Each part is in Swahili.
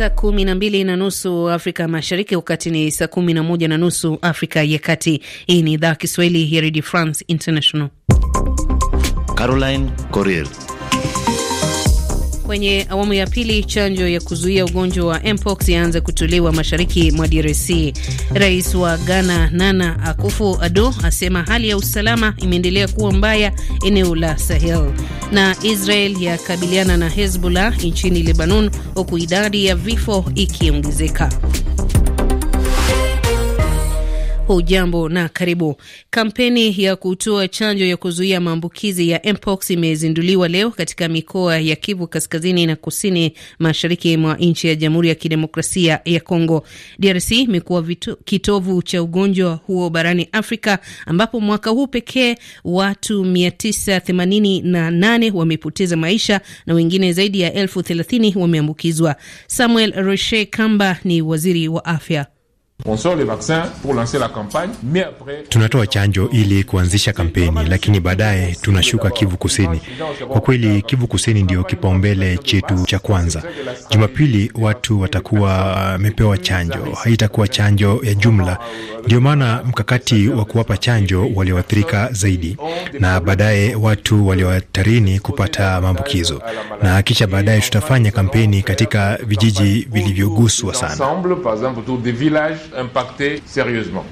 saa kumi na mbili na nusu Afrika Mashariki, wakati ni saa kumi na moja na nusu Afrika ya Kati. Hii ni idhaa Kiswahili ya Redio France International. Caroline Coril Kwenye awamu ya pili, chanjo ya kuzuia ugonjwa wa mpox yaanza kutolewa mashariki mwa DRC. Rais wa Ghana Nana akufu ado asema hali ya usalama imeendelea kuwa mbaya eneo la Sahel. Na Israel yakabiliana na Hezbollah nchini Lebanon, huku idadi ya vifo ikiongezeka. Hujambo na karibu. Kampeni ya kutoa chanjo ya kuzuia maambukizi ya mpox imezinduliwa leo katika mikoa ya Kivu Kaskazini na Kusini Mashariki mwa nchi ya Jamhuri ya Kidemokrasia ya Kongo. DRC imekuwa kitovu cha ugonjwa huo barani Afrika, ambapo mwaka huu pekee watu 988 wamepoteza maisha na wengine zaidi ya elfu wameambukizwa. Samuel Roche Kamba ni waziri wa afya. Tunatoa chanjo ili kuanzisha kampeni, lakini baadaye tunashuka Kivu Kusini. Kwa kweli, Kivu Kusini ndio kipaumbele chetu cha kwanza. Jumapili watu watakuwa wamepewa chanjo, haitakuwa chanjo ya jumla, ndio maana mkakati wa kuwapa chanjo walioathirika zaidi, na baadaye watu waliohatarini kupata maambukizo, na kisha baadaye tutafanya kampeni katika vijiji vilivyoguswa sana. impacté sérieusement.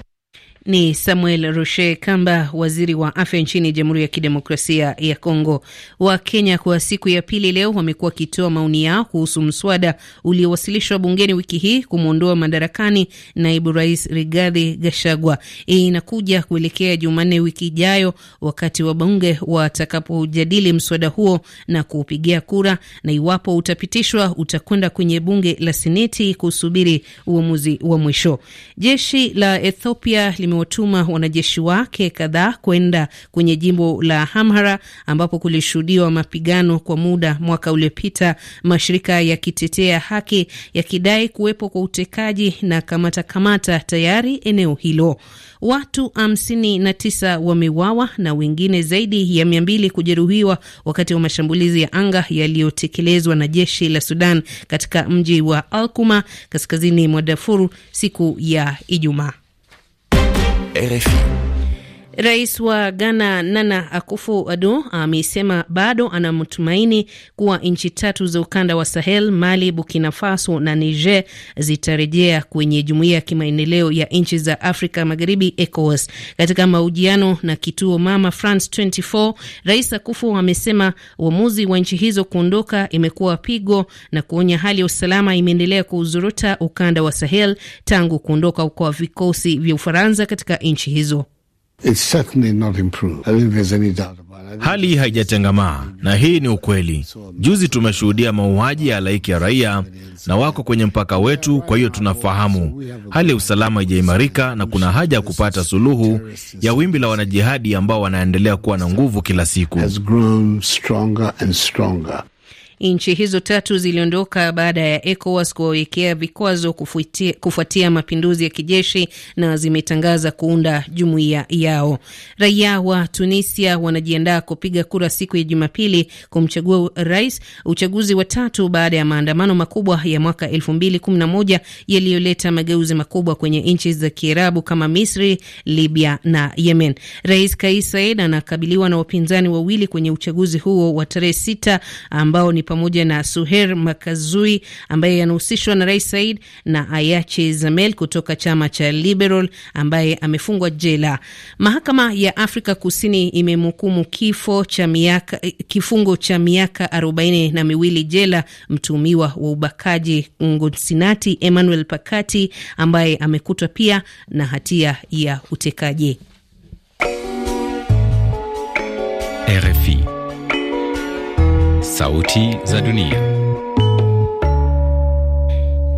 Ni Samuel Roche Kamba, waziri wa afya nchini Jamhuri ya Kidemokrasia ya Kongo. Wakenya kwa siku ya pili leo wamekuwa wakitoa maoni yao kuhusu mswada uliowasilishwa bungeni wiki hii kumwondoa madarakani naibu rais Rigathi Gachagua. Hii inakuja kuelekea Jumanne wiki ijayo, wakati wa bunge watakapojadili mswada huo na kuupigia kura, na iwapo utapitishwa utakwenda kwenye bunge la Seneti kusubiri uamuzi wa mwisho. Jeshi la Ethiopia lime imewatuma wanajeshi wake kadhaa kwenda kwenye jimbo la Amhara ambapo kulishuhudiwa mapigano kwa muda mwaka uliopita, mashirika yakitetea haki yakidai kuwepo kwa utekaji na kamata kamata tayari eneo hilo. Watu hamsini na tisa wamewawa na wengine zaidi ya mia mbili kujeruhiwa wakati wa mashambulizi ya anga yaliyotekelezwa na jeshi la Sudan katika mji wa Alkuma kaskazini mwa Darfur siku ya Ijumaa. RFI. Rais wa Ghana Nana akufu addo amesema bado anamtumaini kuwa nchi tatu za ukanda wa Sahel, Mali, Burkina Faso na Niger zitarejea kwenye jumuiya ya kimaendeleo ya nchi za Afrika Magharibi, ECOWAS. Katika mahojiano na kituo Mama France 24, Rais akufu amesema uamuzi wa nchi hizo kuondoka imekuwa pigo na kuonya hali ya usalama imeendelea kuuzorota ukanda wa Sahel tangu kuondoka kwa vikosi vya Ufaransa katika nchi hizo. Hali haijatengamaa na hii ni ukweli. Juzi tumeshuhudia mauaji ya halaiki ya raia na wako kwenye mpaka wetu, kwa hiyo tunafahamu hali ya usalama haijaimarika, na kuna haja ya kupata suluhu ya wimbi la wanajihadi ambao wanaendelea kuwa na nguvu kila siku. Nchi hizo tatu ziliondoka baada ya ECOWAS kuwawekea vikwazo kufuatia, kufuatia mapinduzi ya kijeshi na zimetangaza kuunda jumuiya yao. Raia wa Tunisia wanajiandaa kupiga kura siku ya Jumapili kumchagua rais, uchaguzi wa tatu baada ya maandamano makubwa ya mwaka 2011 yaliyoleta mageuzi makubwa kwenye nchi za Kiarabu kama Misri, Libya na Yemen. Rais Kais Saied anakabiliwa na wapinzani wawili kwenye uchaguzi huo wa tarehe 6 ambao ni pamoja na Suher Makazui ambaye yanahusishwa na Rais Said na Ayache Zamel kutoka chama cha Liberal ambaye amefungwa jela. Mahakama ya Afrika Kusini imemhukumu kifo cha miaka, kifungo cha miaka arobaini na miwili jela mtumiwa wa ubakaji Ngosinati Emmanuel Pakati ambaye amekutwa pia na hatia ya utekaji. RFI Sauti za Dunia.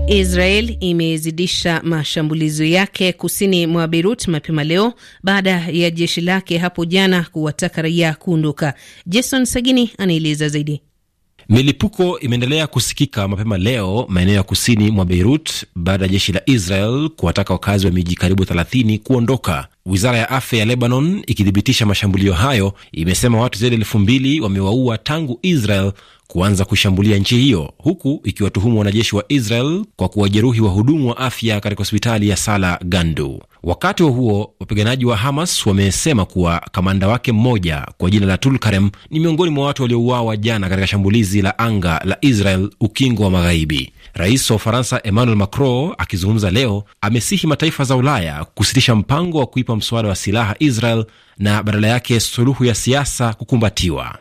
Israel imezidisha mashambulizi yake kusini mwa Beirut mapema leo baada ya jeshi lake hapo jana kuwataka raia kuondoka. Jason Sagini anaeleza zaidi. Milipuko imeendelea kusikika mapema leo maeneo ya kusini mwa Beirut baada ya jeshi la Israel kuwataka wakazi wa miji karibu 30 kuondoka. Wizara ya afya ya Lebanon ikithibitisha mashambulio hayo imesema watu zaidi elfu mbili wamewaua tangu Israel kuanza kushambulia nchi hiyo, huku ikiwatuhumu wanajeshi wa Israel kwa kuwajeruhi wahudumu wa afya katika hospitali ya Sala Gandu. Wakati wa huo wapiganaji wa Hamas wamesema kuwa kamanda wake mmoja kwa jina la Tulkarem ni miongoni mwa watu waliouawa jana katika shambulizi la anga la Israel ukingo wa Magharibi. Rais wa Ufaransa Emmanuel Macron akizungumza leo amesihi mataifa za Ulaya kusitisha mpango wa kuipa mswada wa silaha Israel na badala yake suluhu ya siasa kukumbatiwa.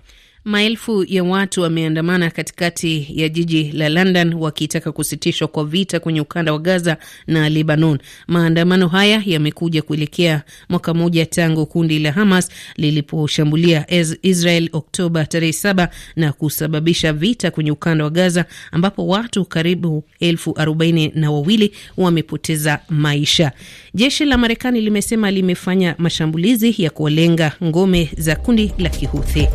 Maelfu ya watu wameandamana katikati ya jiji la London wakitaka kusitishwa kwa vita kwenye ukanda wa Gaza na Lebanon. Maandamano haya yamekuja kuelekea mwaka mmoja tangu kundi la Hamas liliposhambulia Israel Oktoba tarehe saba na kusababisha vita kwenye ukanda wa Gaza ambapo watu karibu elfu arobaini na wawili wamepoteza maisha. Jeshi la Marekani limesema limefanya mashambulizi ya kuwalenga ngome za kundi la Kihuthi.